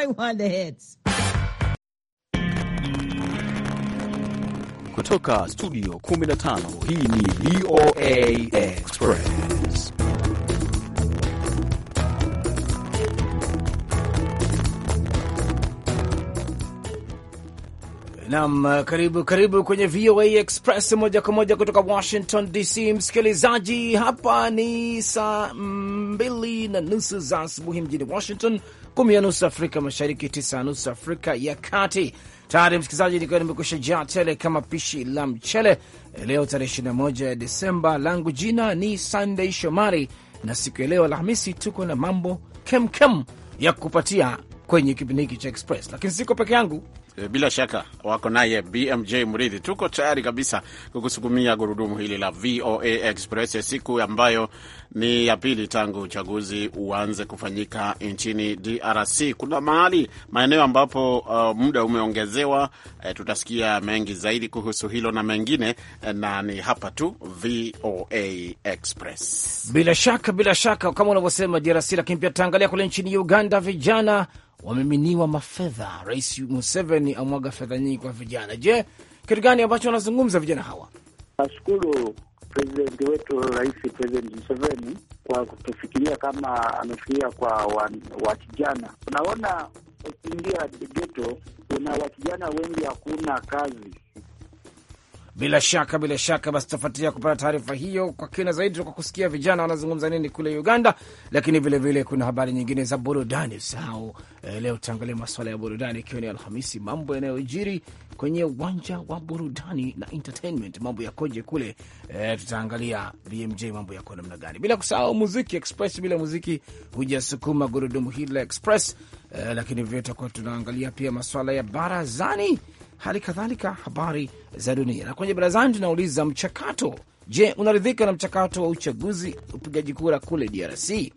The hits. Kutoka studio 15 hii ni VOA Express. Nam, karibu karibu kwenye VOA Express moja kwa moja kutoka Washington DC, msikilizaji. Hapa ni saa mbili na nusu za asubuhi mjini Washington kumi ya nusu Afrika Mashariki, tisa ya nusu Afrika ya Kati. Tayari msikilizaji, nikiwa nimekusha jaa tele kama pishi la mchele. Leo tarehe 21 ya Desemba, langu jina ni sandey Shomari, na siku ya leo Alhamisi tuko na mambo kemkem kem ya kupatia kwenye kipindi hiki cha Express, lakini siko peke yangu. Eh, bila shaka wako naye BMJ Mridhi. Tuko tayari kabisa kukusukumia gurudumu hili la VOA Express, eh, siku ambayo ni ya pili tangu uchaguzi uanze kufanyika nchini DRC. Kuna mahali maeneo ambapo uh, muda umeongezewa. Uh, tutasikia mengi zaidi kuhusu hilo na mengine, na ni hapa tu VOA Express. Bila shaka, bila shaka kama unavyosema DRC, lakini pia tutaangalia kule nchini Uganda vijana wameminiwa mafedha. Rais Museveni amwaga fedha nyingi kwa vijana. Je, kitu gani ambacho wanazungumza vijana hawa? Nashukuru presidenti wetu Rais President Museveni kwa kutufikiria kama amefikiria kwa wakijana. Unaona, ukiingia geto, kuna wakijana wengi hakuna kazi bila shaka, bila shaka, basi tutafuatilia kupata taarifa hiyo kwa kina zaidi, kwa kusikia vijana wanazungumza nini kule Uganda. Lakini vilevile vile kuna habari nyingine za burudani, usahau eh, leo tutaangalia masuala ya burudani, ikiwa ni Alhamisi, mambo yanayojiri kwenye uwanja wa burudani na entertainment, mambo yakoje kule eh, tutaangalia BMJ mambo yako namna gani, bila kusahau muziki express. Bila muziki hujasukuma gurudumu hili la express eh, lakini vile tutakuwa tunaangalia pia masuala ya barazani hali kadhalika habari za dunia. Na kwenye barazani tunauliza mchakato, je, unaridhika na mchakato wa uchaguzi upigaji kura kule DRC?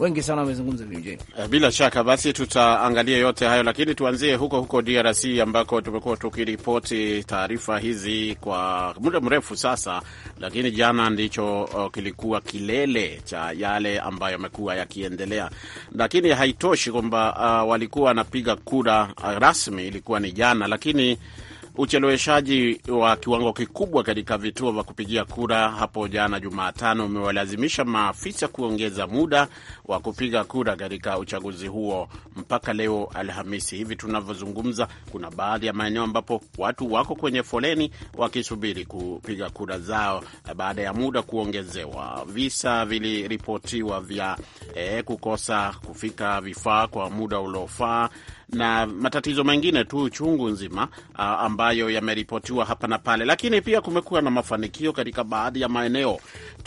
wengi sana wamezungumza VJ. Eh, bila shaka basi tutaangalia yote hayo, lakini tuanzie huko huko DRC ambako tumekuwa tukiripoti taarifa hizi kwa muda mrefu sasa, lakini jana ndicho oh, kilikuwa kilele cha yale ambayo yamekuwa yakiendelea. Lakini haitoshi kwamba uh, walikuwa wanapiga kura uh, rasmi ilikuwa ni jana, lakini Ucheleweshaji wa kiwango kikubwa katika vituo vya kupigia kura hapo jana Jumatano umewalazimisha maafisa kuongeza muda wa kupiga kura katika uchaguzi huo mpaka leo Alhamisi. Hivi tunavyozungumza, kuna baadhi ya maeneo ambapo watu wako kwenye foleni wakisubiri kupiga kura zao baada ya muda kuongezewa. Visa viliripotiwa vya eh, kukosa kufika vifaa kwa muda uliofaa na matatizo mengine tu chungu nzima uh, ambayo yameripotiwa hapa na pale, lakini pia kumekuwa na mafanikio katika baadhi ya maeneo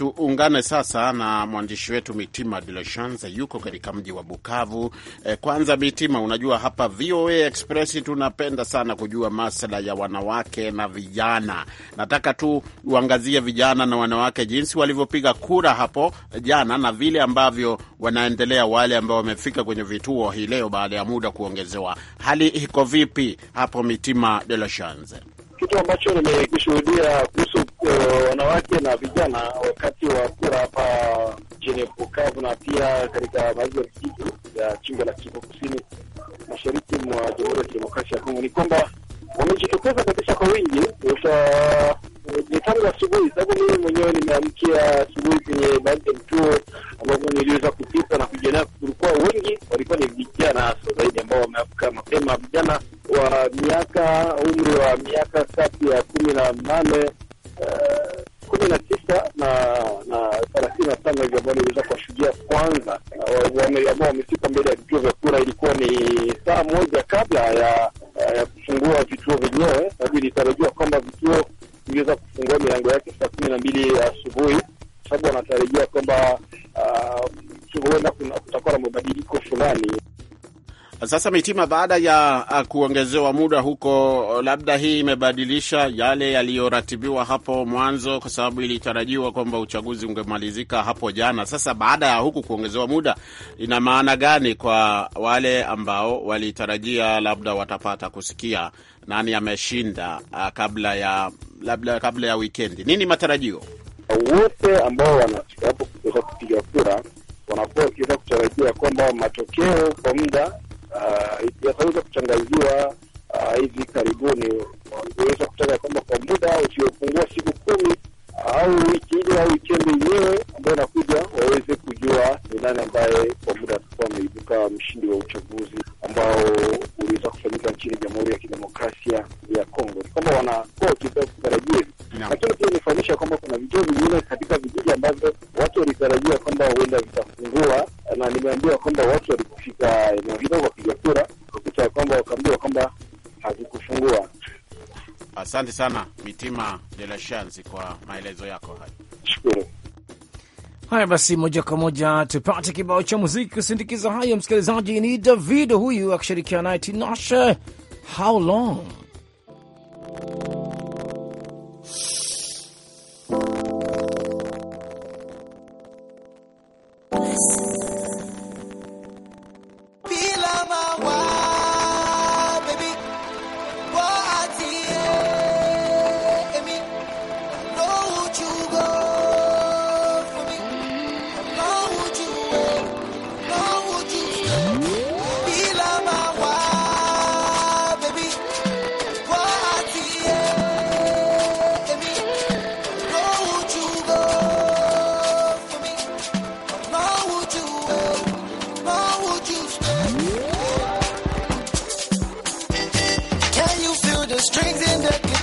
tuungane sasa na mwandishi wetu Mitima De La Chance, yuko katika mji wa Bukavu. E, kwanza Mitima, unajua hapa VOA Express tunapenda sana kujua masala ya wanawake na vijana. Nataka tu uangazie vijana na wanawake jinsi walivyopiga kura hapo jana na vile ambavyo wanaendelea wale ambao wamefika kwenye vituo hii leo baada ya muda kuongezewa. Hali iko vipi hapo, Mitima De La Chance? Kitu ambacho nimekishuhudia wanawake na vijana wakati wa kura hapa mjini Bukavu na pia katika baadhi ya vijiji ya jimbo la Kivu Kusini, mashariki mwa Jamhuri ya Kidemokrasia ya Kongo, ni kwamba wamejitokeza kabisa kwa wingi ni tangu asubuhi, sababu mimi mwenyewe nimeamkia asubuhi kwenye baadhi ya vituo ambavyo niliweza kupita na kujionea, kulikuwa wengi, walikuwa ni vijana hasa zaidi ambao wameamka mapema, vijana wa miaka umri wa miaka kati ya kumi na nane Sasa Mitima, baada ya uh, kuongezewa muda huko, labda hii imebadilisha yale yaliyoratibiwa hapo mwanzo, kwa sababu ilitarajiwa kwamba uchaguzi ungemalizika hapo jana. Sasa baada ya huku kuongezewa muda, ina maana gani kwa wale ambao walitarajia labda watapata kusikia nani ameshinda uh, kabla ya labda kabla ya wikendi? Nini matarajio? Wote ambao wanaapo hapo kupiga kura wanakuwa wakiweza kutarajia kwamba matokeo kwa muda uh, kuchangaziwa kutangaziwa ah, hivi karibuni. Waliweza kutaka kwamba kwa muda usiopungua siku kumi au wiki ile au wikendi yenyewe ambayo inakuja waweze kujua ni nani ambaye kwa muda atakuwa ameibuka mshindi wa uchaguzi ambao uliweza kufanyika nchini Jamhuri ya Kidemokrasia ya Kongo. Ni kwamba wanakuwa kutarajia lakini pia imefanyisha kwamba kuna vituo vingine katika vijiji ambavyo watu walitarajia kwamba huenda vitafungua, na nimeambiwa kwamba watu walipofika eneo hilo wapiga kura, wakuta kwamba wakaambiwa kwamba havikufungua. Asante sana Mitima de la Chance kwa maelezo yako hayo, Haya basi, moja kwa moja tupate kibao cha muziki kusindikiza hayo. Msikilizaji ni david huyu akishirikiana naye Tinashe, how long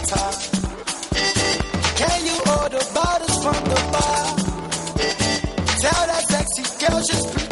Can you order bottles from the bar? Tell that sexy girl just. pretty.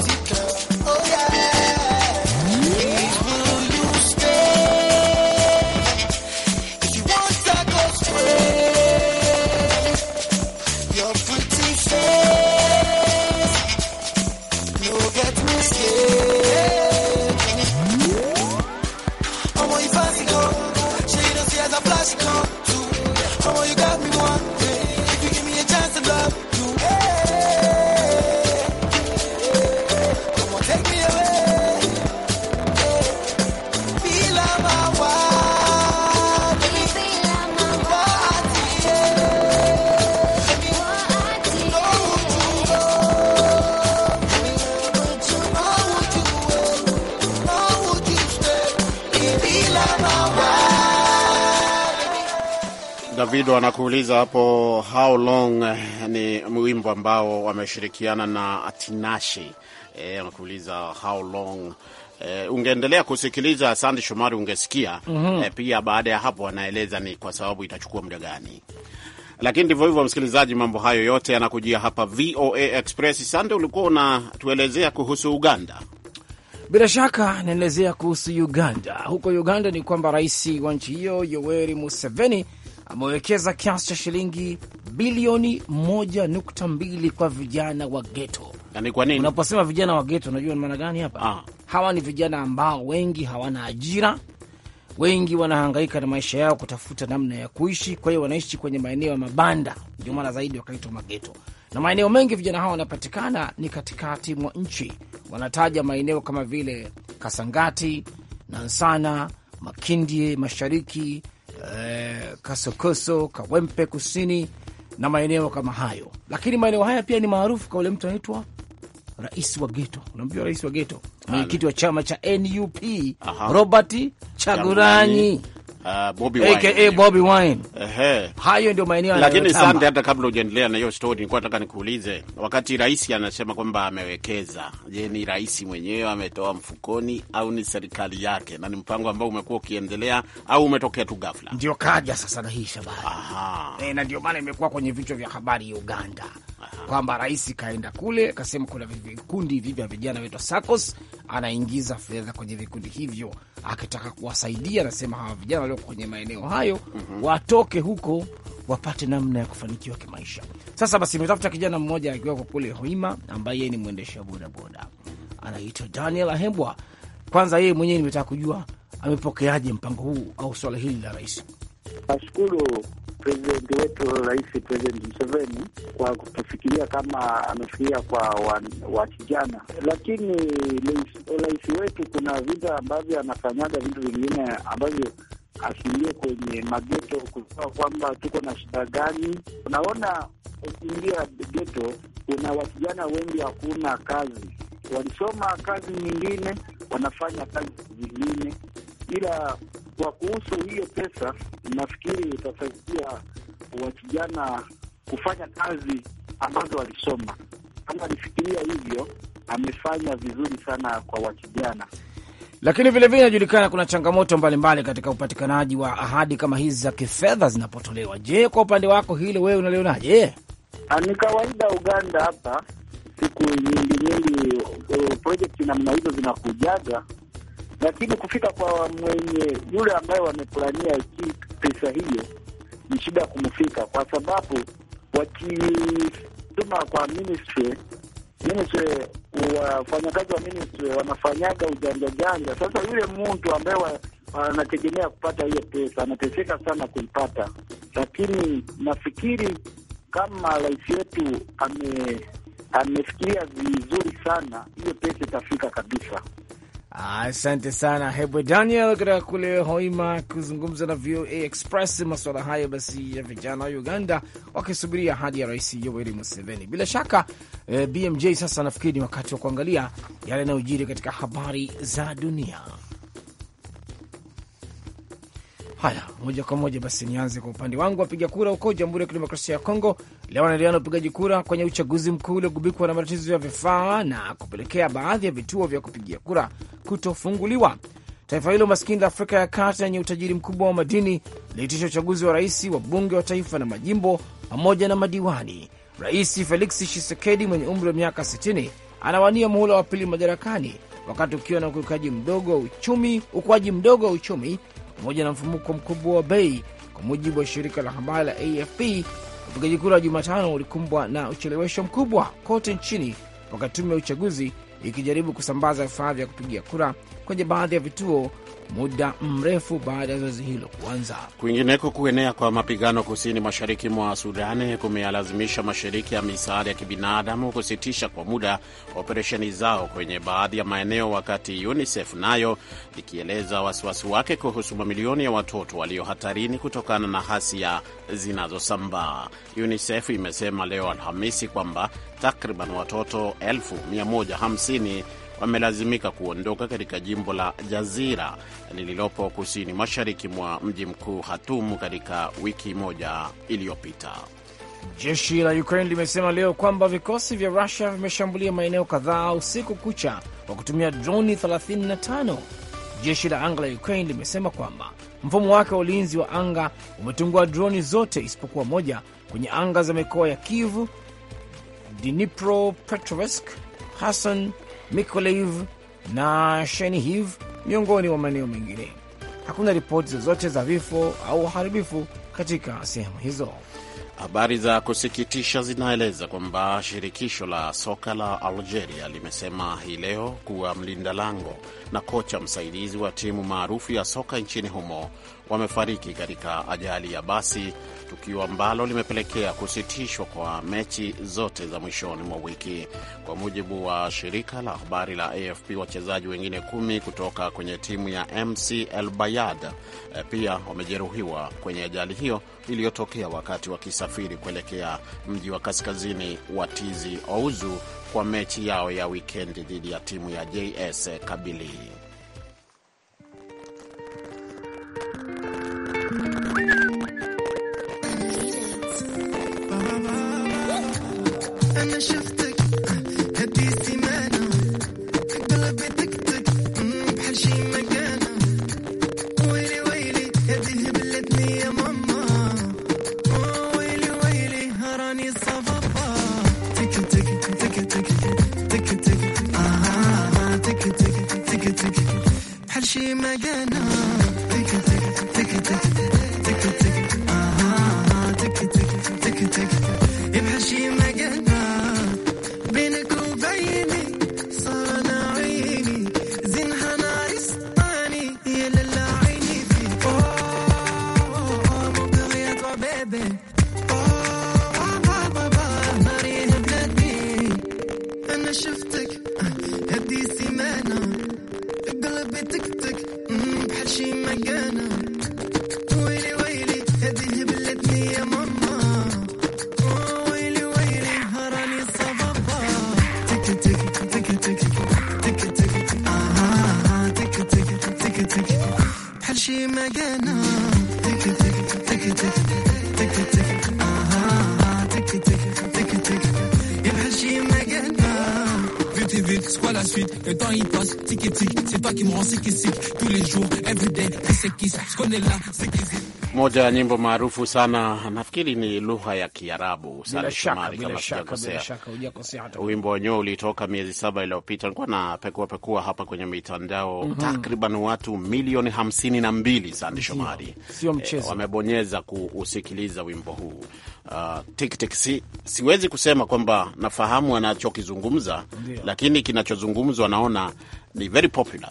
Davido anakuuliza hapo how long eh, ni mwimbo ambao wameshirikiana na Tinashi. E, eh, anakuuliza how long e, ungeendelea kusikiliza Sandi Shomari ungesikia mm -hmm. E, pia baada ya hapo anaeleza ni kwa sababu itachukua muda gani, lakini ndivyo hivyo, msikilizaji, mambo hayo yote yanakujia hapa VOA Express. Sande, ulikuwa unatuelezea kuhusu Uganda. Bila shaka naelezea kuhusu Uganda. Huko Uganda ni kwamba rais wa nchi hiyo Yoweri Museveni amewekeza kiasi cha shilingi bilioni 1.2 kwa vijana wa geto. Yani kwa nini? Unaposema vijana wa geto, unajua ni maana gani hapa? Ah. Hawa ni vijana ambao wengi hawana ajira, wengi wanahangaika na maisha yao kutafuta namna ya kuishi, kwa hiyo wanaishi kwenye maeneo ya mabanda, ndio maana zaidi wakaitwa mageto, na maeneo mengi vijana hawa wanapatikana ni katikati mwa nchi wanataja maeneo kama vile Kasangati, Nansana, Makindye mashariki, eh, Kasokoso, Kawempe kusini na maeneo kama hayo. Lakini maeneo haya pia ni maarufu kwa ule mtu anaitwa rais wa geto. Unamjua rais wa geto, mwenyekiti wa chama cha NUP Aha. Robert Chaguranyi Uh, Bobby Wine. AKA Bobby Wine. Ehe. Hayo ndio maeneo lakini hata kabla hujaendelea na hiyo story, nilikuwa nataka nikuulize, wakati rais anasema kwamba amewekeza, je, ni rais mwenyewe ametoa mfukoni au ni serikali yake? Na ni mpango ambao umekuwa ukiendelea au umetokea tu ghafla? Ndio kaja sasa na hii shabari. Aha. E, na ndio maana imekuwa kwenye vichwa vya habari Uganda kwamba rais kaenda kule akasema kuna vikundi hivi vya vijana vinaitwa SACCOS, anaingiza fedha kwenye vikundi hivyo akitaka kuwasaidia, anasema hawa vijana wanaotoka kwenye maeneo mhm. hayo mm -hmm. watoke huko wapate namna ya kufanikiwa kimaisha. Sasa basi, imetafuta kijana mmoja kwa kule Hoima ambaye yeye ni mwendesha bodaboda, anaitwa Daniel Ahembwa. Kwanza yeye mwenyewe nimetaka kujua amepokeaje mpango huu au swala hili la rais. Nashukuru prezidenti wetu Rais President Museveni kwa kutufikiria kama amefikiria kwa kijana, lakini rais wetu kuna vita ambavyo anafanyaga vitu vingine ambavyo asiingie kwenye mageto kusema kwamba tuko na shida gani. Unaona, ukiingia geto kuna wakijana wengi hakuna kazi, walisoma kazi nyingine, wanafanya kazi zingine, ila kwa kuhusu hiyo pesa, nafikiri itasaidia wakijana kufanya kazi ambazo walisoma. Kama alifikiria hivyo, amefanya vizuri sana kwa wakijana. Lakini vilevile inajulikana kuna changamoto mbalimbali mbali katika upatikanaji wa ahadi kama hizi za kifedha zinapotolewa. Je, kwa upande wako hilo wewe unalionaje? Ah, ni kawaida Uganda hapa siku nyingi nyingi eh, projekti namna hizo zinakujaga, lakini kufika kwa mwenye yule ambaye wameplania pesa hiyo ni shida ya kumfika, kwa sababu wakituma kwa ministry ministry wafanyakazi wa ministry wanafanyaga ujanja janja. Sasa yule mtu ambaye anategemea kupata hiyo pesa anateseka sana kuipata, lakini nafikiri kama rais wetu ame amefikiria vizuri sana, hiyo pesa itafika kabisa. Asante sana Hebwe Daniel kutoka kule Hoima kuzungumza na VOA Express masuala hayo basi ya vijana wa Uganda wakisubiria hadi ya Rais Yoweri Museveni. Bila shaka eh, BMJ, sasa nafikiri ni wakati wa kuangalia yale yanayojiri katika habari za dunia. Haya, moja kwa moja basi nianze kwa upande wangu. Wapiga kura huko Jamhuri ya Kidemokrasia ya Kongo leo wanaendelea na upigaji kura kwenye uchaguzi mkuu uliogubikwa na matatizo ya vifaa na kupelekea baadhi ya vituo vya kupigia kura kutofunguliwa. Taifa hilo maskini la Afrika ya Kati lenye utajiri mkubwa wa madini liitisha uchaguzi wa rais, wa bunge wa taifa na majimbo pamoja na madiwani. Rais Felix Tshisekedi mwenye umri wa miaka 60 anawania muhula wa pili madarakani wakati ukiwa na ukuaji mdogo wa uchumi, ukuaji mdogo wa uchumi pamoja na mfumuko mkubwa wa bei, kwa mujibu wa shirika la habari la AFP. Upigaji kura wa Jumatano ulikumbwa na uchelewesho mkubwa kote nchini, wakati tume ya uchaguzi ikijaribu kusambaza vifaa vya kupigia kura kwenye baadhi ya vituo muda mrefu baada ya zoezi hilo kuanza. Kwingineko, kuenea kwa mapigano kusini mashariki mwa Sudani kumeyalazimisha mashirika ya misaada ya kibinadamu kusitisha kwa muda operesheni zao kwenye baadhi ya maeneo, wakati UNICEF nayo ikieleza wasiwasi wake kuhusu mamilioni ya watoto walio hatarini kutokana na hasia zinazosambaa. UNICEF imesema leo Alhamisi kwamba takriban watoto elfu 150 wamelazimika kuondoka katika jimbo la Jazira lililopo kusini mashariki mwa mji mkuu Khartoum katika wiki moja iliyopita. Jeshi la Ukraine limesema leo kwamba vikosi vya Rusia vimeshambulia maeneo kadhaa usiku kucha kwa kutumia droni 35. Jeshi la anga la Ukraine limesema kwamba mfumo wake wa ulinzi wa anga umetungua droni zote isipokuwa moja kwenye anga za mikoa ya Dnipro Dnipropetrovsk, Hassan Mykolaiv na Shenihiv, miongoni mwa maeneo mengine. Hakuna ripoti zozote za vifo au uharibifu katika sehemu hizo. Habari za kusikitisha zinaeleza kwamba shirikisho la soka la Algeria limesema hii leo kuwa mlinda lango na kocha msaidizi wa timu maarufu ya soka nchini humo wamefariki katika ajali ya basi, tukio ambalo limepelekea kusitishwa kwa mechi zote za mwishoni mwa wiki. Kwa mujibu wa shirika la habari la AFP, wachezaji wengine kumi kutoka kwenye timu ya MC El Bayad eh, pia wamejeruhiwa kwenye ajali hiyo iliyotokea wakati wakisafiri kuelekea mji wa kaskazini wa Tizi Ouzu kwa mechi yao ya wikendi dhidi ya timu ya JS kabilii بحال شي مكانة تك تك تك تك تك تك c'est quoi la suite Le temps il passe, tic et tic, c'est toi qui me rends sick et sick tous les jours, everyday, je connais c'est moja ya nyimbo maarufu sana nafikiri ni lugha ya Kiarabu. Sare Shomari, kama sijakosea, wimbo wenyewe ulitoka miezi saba iliyopita. Nilikuwa na pekua pekua hapa kwenye mitandao mm -hmm. Takriban watu milioni hamsini na mbili, Sande Shomari, sio mchezo, eh, wamebonyeza kuusikiliza wimbo huu uh, ah, tiktik si, siwezi kusema kwamba nafahamu anachokizungumza, lakini kinachozungumzwa naona ni very popular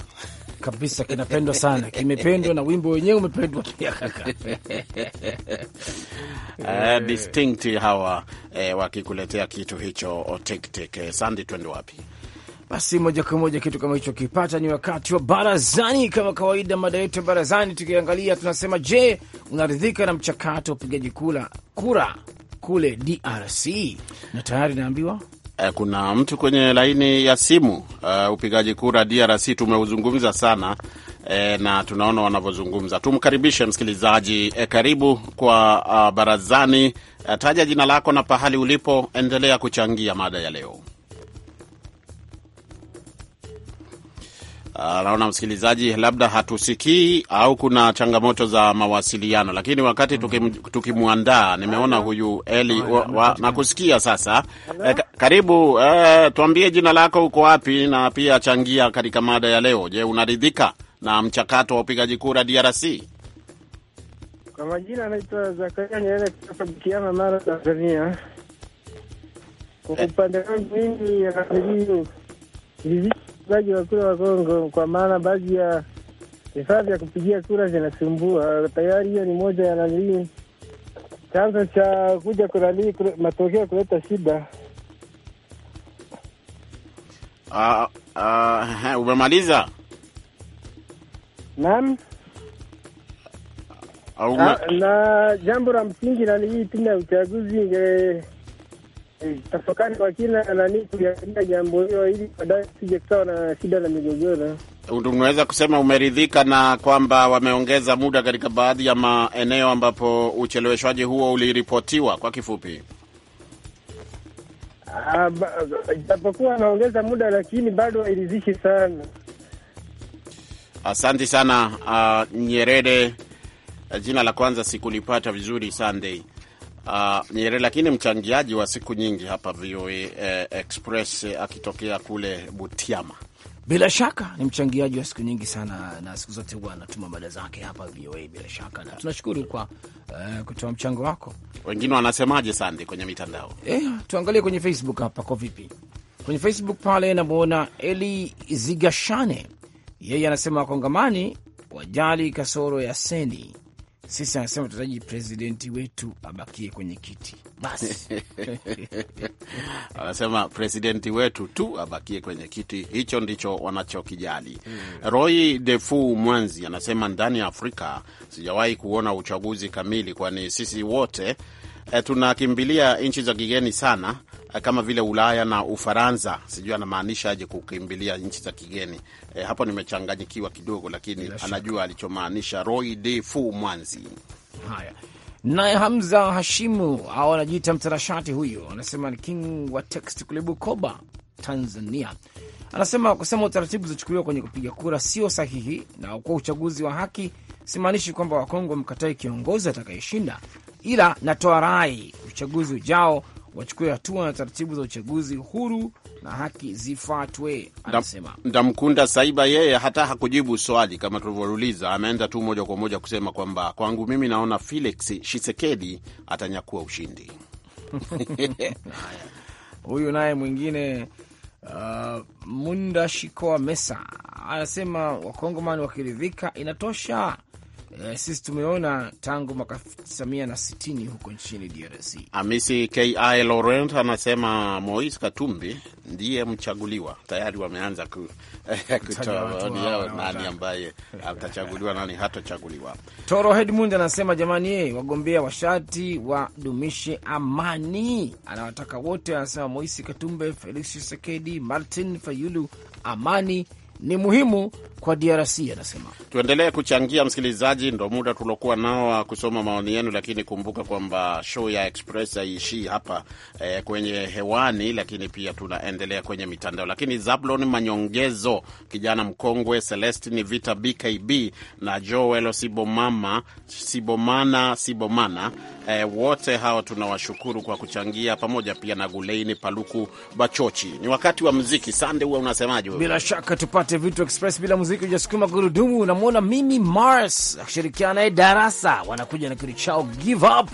kabisa, kinapendwa sana, kimependwa na wimbo wenyewe umependwa pia kaka. Uh, distinct hawa eh, wakikuletea kitu hicho oh, tiktik. Sandi, twende wapi? Basi moja kwa moja kitu kama hicho kipata, ni wakati wa barazani. Kama kawaida, mada yetu ya barazani tukiangalia, tunasema je, unaridhika na mchakato wa upigaji kura kura kule DRC? Na tayari naambiwa eh, kuna mtu kwenye laini ya simu. Uh, upigaji kura DRC tumeuzungumza sana e, na tunaona wanavyozungumza. Tumkaribishe msikilizaji e, karibu kwa uh, barazani. taja jina lako na pahali ulipo, endelea kuchangia mada ya leo. Ah, naona msikilizaji, labda hatusikii au kuna changamoto za mawasiliano, lakini wakati tukimwandaa, nimeona huyu Eli nakusikia sasa. e, karibu e, tuambie jina lako, uko wapi, na pia changia katika mada ya leo. Je, unaridhika na mchakato wa upigaji kura DRC? Kwa majina anaitwa Zakaria Nyerere kutoka Butiama, Mara, Tanzania. Kwa eh. upande wangu mimi upigaji wa kura wa Kongo, kwa maana baadhi ya vifaa vya kupigia kura vinasumbua tayari. Hiyo ni moja ya nalii chanzo cha kuja kunalii matokeo kuleta shida. Uh, uh, umemaliza? Naam. Uh, na, jambo la msingi nanihii tume ya uchaguzi Eh, tafakari kwa kina nani kuliangalia jambo hilo, ili baadaye sije kukawa na shida na migogoro. Unaweza kusema umeridhika na kwamba wameongeza muda katika baadhi ya maeneo ambapo ucheleweshwaji huo uliripotiwa? Kwa kifupi, ah, japokuwa wanaongeza muda, lakini bado hairidhishi sana. Asante sana uh, Nyerere. Jina la kwanza sikulipata vizuri, Sunday uh, Nyerere, lakini mchangiaji wa siku nyingi hapa VOA eh, Express eh, akitokea kule Butiama bila shaka ni mchangiaji wa siku nyingi sana, na siku zote huwa anatuma mada zake hapa VOA bila shaka, na tunashukuru kwa uh, kutoa mchango wako. Wengine wanasemaje sandi kwenye mitandao eh? Tuangalie kwenye Facebook hapa kwa vipi. Kwenye Facebook pale namwona Eli Zigashane, yeye anasema wakongamani wajali kasoro ya seni sisi anasema tutaji presidenti wetu abakie kwenye kiti basi. Anasema presidenti wetu tu abakie kwenye kiti, hicho ndicho wanachokijali. mm -hmm. Roy Defu Mwanzi anasema ndani ya Afrika sijawahi kuona uchaguzi kamili, kwani sisi wote e, tunakimbilia nchi za kigeni sana Eh, kama vile Ulaya na Ufaransa. Sijui anamaanisha aje kukimbilia nchi za kigeni e, hapo nimechanganyikiwa kidogo, lakini anajua alichomaanisha Roy D. Fu Mwanzi. Haya, naye Hamza Hashimu au anajiita mtarashati huyo, anasema ni king wa text kule Bukoba, Tanzania. Anasema kusema utaratibu zilizochukuliwa kwenye kupiga kura sio sahihi na kwa uchaguzi wa haki. Simaanishi kwamba Wakongo mkatae kiongozi atakayeshinda, ila natoa rai uchaguzi ujao wachukue hatua na taratibu za uchaguzi huru na haki zifuatwe, anasema Ndamkunda Saiba. Yeye hata hakujibu swali kama tulivyouliza, ameenda tu moja kwa moja kusema kwamba kwangu mimi naona Felix Shisekedi atanyakua ushindi. Huyu naye mwingine Uh, Munda Shikoa Mesa anasema wakongomani wakiridhika inatosha, Eh, sisi tumeona tangu mwaka 1960 huko nchini DRC. Amisi Ki Laurent anasema Mois Katumbi ndiye mchaguliwa tayari, wameanza eh, kutoa maoni yao, nani ambaye atachaguliwa nani hatachaguliwa. Toro Hedmund anasema jamani, ye eh, wagombea washati wadumishe amani, anawataka wote, anasema mois Katumbe, Felix Chisekedi, Martin Fayulu, amani ni muhimu kwa DRC anasema. Tuendelee kuchangia, msikilizaji, ndo muda tulokuwa nao wa kusoma maoni yenu, lakini kumbuka kwamba show ya Express haiishii hapa eh, kwenye hewani, lakini pia tunaendelea kwenye mitandao. Lakini Zablon Manyongezo, kijana mkongwe, Celestini Vita BKB na Joel Sibomama, Sibomana Sibomana, eh, wote hawa tunawashukuru kwa kuchangia, pamoja pia na Guleini Paluku Bachochi. Ni wakati wa mziki. Sande, huwa unasemaje? Bila shaka tupate upate vitu express bila muziki ujasukuma gurudumu. Unamwona mimi Mars akishirikiana naye Darasa wanakuja na kitu chao give up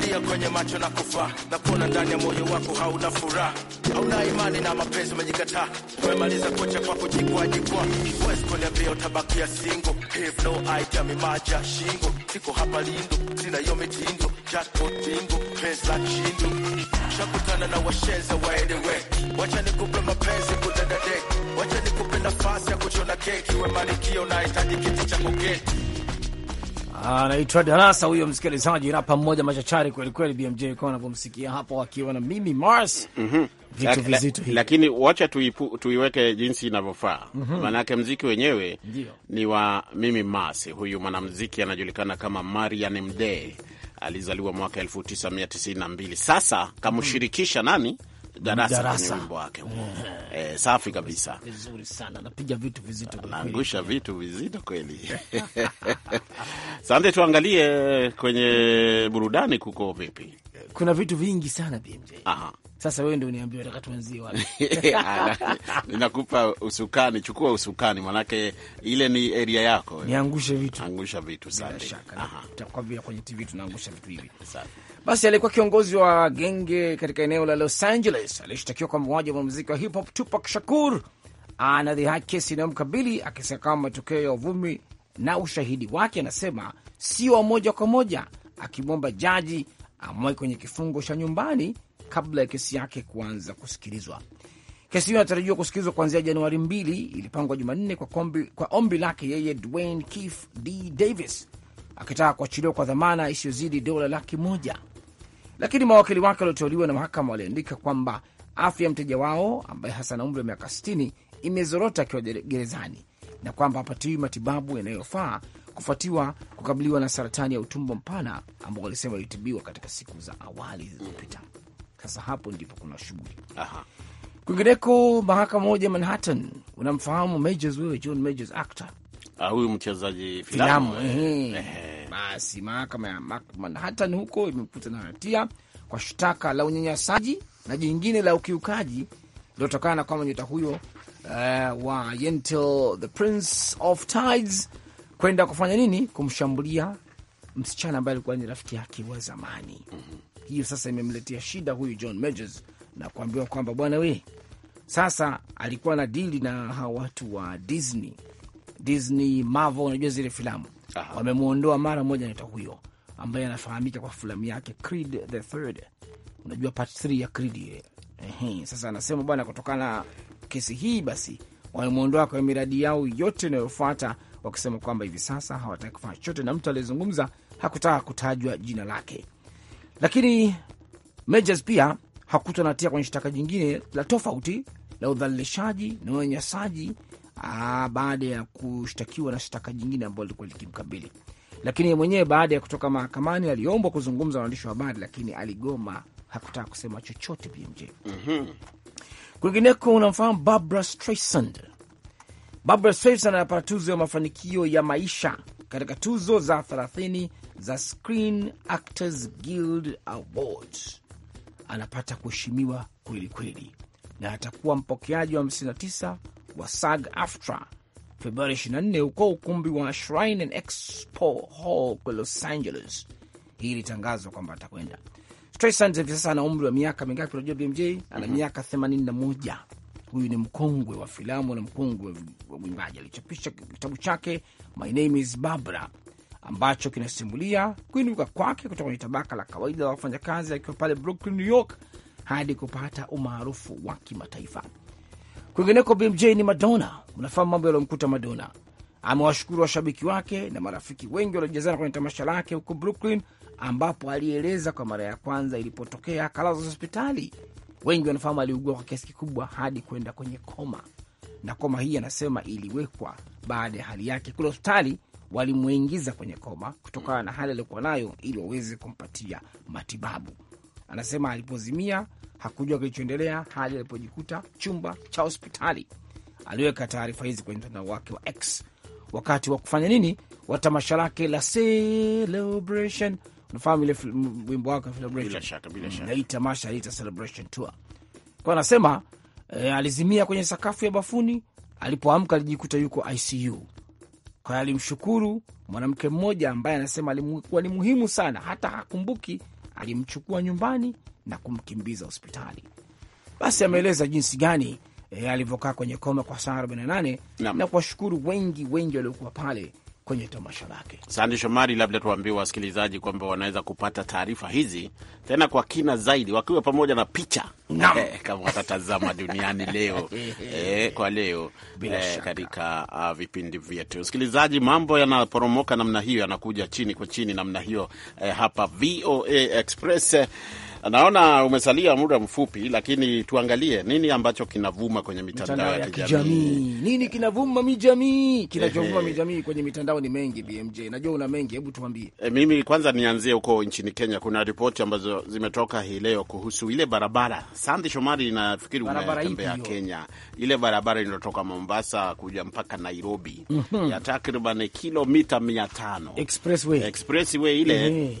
Kuangalia kwenye macho na kufa na kuona ndani ya moyo wako hauna furaha, hauna imani na mapenzi, umejikataa, umemaliza kocha kwa kujikwajikwa. Huwezi kuniambia utabakia singo, have no mimaja shingo, siko hapa lindo, sina hiyo mitindo, jackpot bingo, pesa la chindo, shakutana na washenza waelewe, wacha nikupe mapenzi kudadadeki, wacha nikupe nafasi ya kuchona keki, we malkia unahitaji kiti cha kuketi Anaitwa Darasa huyo msikilizaji, rapa mmoja machachari kwelikweli, BMJ kama anavyomsikia hapo akiwa na mimi Mars. mm -hmm. Vitu vizito hivi, lakini wacha tuiweke jinsi inavyofaa. mm -hmm. Maanake mziki wenyewe Ndiyo. ni wa mimi Mars. Huyu mwanamziki anajulikana kama Marian Mdee, alizaliwa mwaka 1992. Sasa kamshirikisha mm -hmm. nani darasa wimbo wake eh. Eh, safi kabisa, vizuri sana, vitu vizito, vitu vizito kweli. Sante, tuangalie eh, kwenye burudani kuko vipi? Kuna vitu vingi sana BMJ. Aha. Sasa wewe ndio uniambia nataka tuanzie wapi? Ninakupa usukani, chukua usukani, manake ile ni area yako. Niangushe vitu, angusha vitu sana, tutakwambia kwenye TV tunaangusha vitu hivi. Basi alikuwa kiongozi wa genge katika eneo la Los Angeles aliyeshtakiwa kwa mauaji wa mwanamuziki wa hip hop Tupac Shakur anadhihaki kesi inayomkabili akisema kama matokeo ya uvumi na ushahidi wake, anasema sio wa moja kwa moja, akimwomba jaji amwai kwenye kifungo cha nyumbani kabla ya kesi yake kuanza kusikilizwa. Kesi hiyo inatarajiwa kusikilizwa kuanzia Januari mbili. Ilipangwa Jumanne kwa, kwa ombi lake yeye Dwayne Keith D Davis akitaka kuachiliwa kwa dhamana isiyozidi dola laki moja lakini mawakili wake walioteuliwa na mahakama waliandika kwamba afya ya mteja wao ambaye hasa na umri wa miaka 60 imezorota akiwa gerezani na kwamba hapatiwi matibabu yanayofaa kufuatiwa kukabiliwa na saratani ya utumbo mpana ambao walisema ilitibiwa katika siku za awali zilizopita. Sasa hapo ndipo kuna shughuli. Kwingineko, mahakama moja Manhattan, unamfahamu Majors wewe, John Majors, actor ah, huyu mchezaji filamu, filamu. Eh. Ehe. Ehe basi mahakama ya Manhattan huko imemkuta na hatia kwa shtaka la unyanyasaji na jingine la ukiukaji lilotokana na kwamba nyota huyo uh, wa Yentl the Prince of Tides kwenda kufanya nini, kumshambulia msichana ambaye alikuwa ni rafiki yake wa zamani. mm -hmm. Hiyo sasa imemletea shida huyu John Majors na kuambiwa kwamba bwana we, sasa alikuwa na dili na hawa watu wa Disney, Disney Marvel, unajua zile filamu Wamemwondoa mara moja neta huyo ambaye anafahamika kwa filamu yake Creed the Third. Unajua part 3 ya Creed ile. Ehe, sasa anasema bwana, kutokana na kesi hii basi wamemwondoa kwa miradi yao yote inayofuata, wakisema kwamba hivi sasa hawataki kufanya chochote, na mtu aliyezungumza hakutaka kutajwa jina lake. Lakini Majors pia hakutwa na hatia kwenye shtaka jingine la tofauti la udhalilishaji na unyanyasaji Ah, baada ya kushtakiwa na shtaka jingine ambalo lilikuwa likimkabili. Lakini mwenyewe baada ya kutoka mahakamani aliombwa kuzungumza na waandishi wa habari, lakini aligoma, hakutaka kusema chochote. BMJ mm -hmm. Kwingineko unamfahamu Barbara Streisand. Barbara Streisand anapata tuzo ya mafanikio ya maisha katika tuzo za 30 za Screen Actors Guild Awards. Anapata kuheshimiwa kweli kweli, na atakuwa mpokeaji wa 59 wa SAG AFTRA Februari 24 huko ukumbi wa Shrine and Expo Hall kwa Los Angeles. Hii ilitangazwa kwamba atakwenda. Streisand hivi sasa ana umri wa miaka mingapi? Unajua BMJ ana mhm. miaka 81. Huyu ni mkongwe wa filamu na mkongwe wa mwimbaji. Alichapisha kitabu chake My Name is Barbara ambacho kinasimulia kuinuka kwake kutoka kwenye tabaka la kawaida la wafanyakazi akiwa pale Brooklyn, New York hadi kupata umaarufu wa kimataifa. Kwingineko, BMJ ni Madonna. Unafahamu mambo yaliyomkuta Madonna. Amewashukuru washabiki wake na marafiki wengi waliojazana kwenye tamasha lake huko Brooklyn, ambapo alieleza kwa mara ya kwanza ilipotokea kalaza hospitali. Wengi wanafahamu aliugua kwa kiasi kikubwa hadi kwenda kwenye koma, na koma hii anasema iliwekwa baada ya hali yake kule hospitali walimwingiza kwenye koma kutokana na hali aliyokuwa nayo ili waweze kumpatia matibabu. Anasema alipozimia hakujua kilichoendelea hadi alipojikuta chumba cha hospitali. Aliweka taarifa hizi kwenye mtandao wake wa X wakati wa kufanya nini wa tamasha lake la Celebration. Unafahamu ile wimbo wake hii tamasha aliita Celebration Tour kwa anasema e, alizimia kwenye sakafu ya bafuni. Alipoamka alijikuta yuko ICU. Kwa alimshukuru mwanamke mmoja ambaye anasema alikuwa ni muhimu sana, hata hakumbuki alimchukua nyumbani na kumkimbiza hospitali. Basi ameeleza jinsi gani e, alivyokaa kwenye koma kwa saa 48 na kuwashukuru wengi wengi waliokuwa pale kwenye tamasha lake. Sandi Shomari, labda tuwaambie wasikilizaji kwamba wanaweza kupata taarifa hizi tena kwa kina zaidi wakiwa pamoja na picha eh, kama watatazama duniani leo eh, kwa leo eh, katika uh, vipindi vyetu. Msikilizaji, mambo yanaporomoka namna hiyo, yanakuja chini kwa chini namna hiyo eh, hapa VOA Express eh, Naona umesalia muda mfupi, lakini tuangalie nini ambacho kinavuma kwenye mitandao ya kijamii. Nini kinavuma mijamii? Kinachovuma mijamii kwenye mitandao ni mengi. BMJ, najua una mengi, hebu tuambie. E, mimi kwanza nianzie huko nchini Kenya. Kuna ripoti ambazo zimetoka hii leo kuhusu ile barabara Sandi Shomari, nafikiri unatembea Kenya, ile barabara inayotoka Mombasa kuja mpaka Nairobi mm -hmm. ya takriban kilomita mia tano expressway, expressway ile mm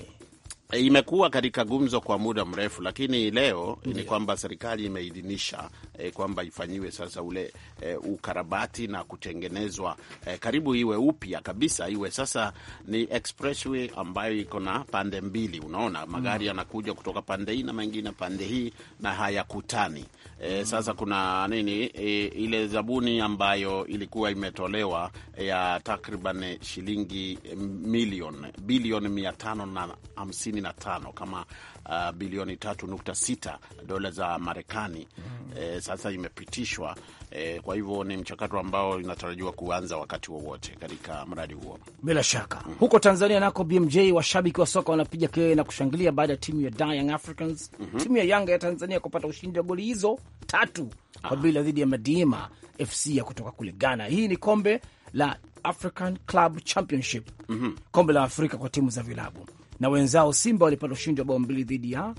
imekuwa katika gumzo kwa muda mrefu, lakini leo yeah, ni kwamba serikali imeidhinisha eh, kwamba ifanyiwe sasa ule eh, ukarabati na kutengenezwa eh, karibu iwe upya kabisa, iwe sasa ni expressway ambayo iko na pande mbili. Unaona magari mm. yanakuja kutoka pande hii na mengine pande hii na hayakutani. Eh, mm. Sasa kuna nini eh, ile zabuni ambayo ilikuwa imetolewa eh, ya takriban shilingi eh, milioni bilioni mia tano na hamsini 15 kama uh, bilioni 3.6 dola za Marekani mm. E, sasa imepitishwa e, kwa hivyo ni mchakato ambao inatarajiwa kuanza wakati wowote katika mradi huo bila shaka mm. Huko Tanzania nako BMJ washabiki wa soka wanapiga kelele na kushangilia baada ya timu ya Young Africans mm -hmm. timu ya Yanga ya Tanzania kupata ushindi wa goli hizo tatu kwa ah. bila dhidi ya Madiima FC ya kutoka kule Ghana. Hii ni kombe la African Club Championship mm -hmm. kombe la Afrika kwa timu za vilabu na wenzao Simba walipata ushindi wa bao mbili dhidi ya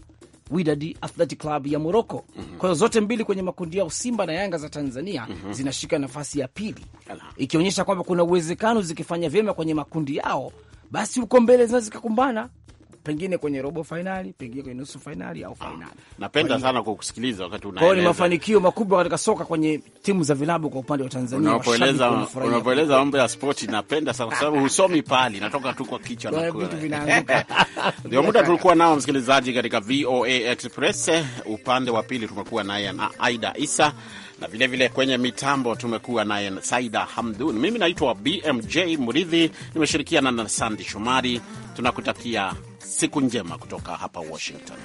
Wydad Athletic Club ya Morocco. mm -hmm. Kwa hiyo zote mbili kwenye makundi yao Simba na Yanga za Tanzania mm -hmm. zinashika nafasi ya pili, ikionyesha kwamba kuna uwezekano zikifanya vyema kwenye makundi yao, basi huko mbele zinaweza zikakumbana pengine kwenye robo fainali, pengine kwenye nusu fainali au fainali. Ah, Napenda sana kukusikiliza wakati unaeleza. Kwao Ni mafanikio makubwa katika soka kwenye timu za vilabu kwa upande wa Tanzania. Unapoeleza unapoeleza mambo ya sport, napenda sana kwa sababu husomi pali, natoka tu kwa kichwa na kwa vitu vinaanguka. Ndio muda tulikuwa nao, msikilizaji, katika VOA Express. Upande wa pili tumekuwa naye na Aida Isa na vilevile vile kwenye mitambo tumekuwa naye Saida Hamdun. Mimi naitwa BMJ Muridhi, nimeshirikiana na Sandi Shomari. Tunakutakia Siku njema kutoka hapa Washington.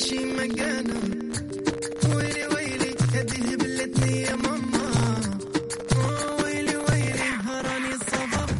she my gunner.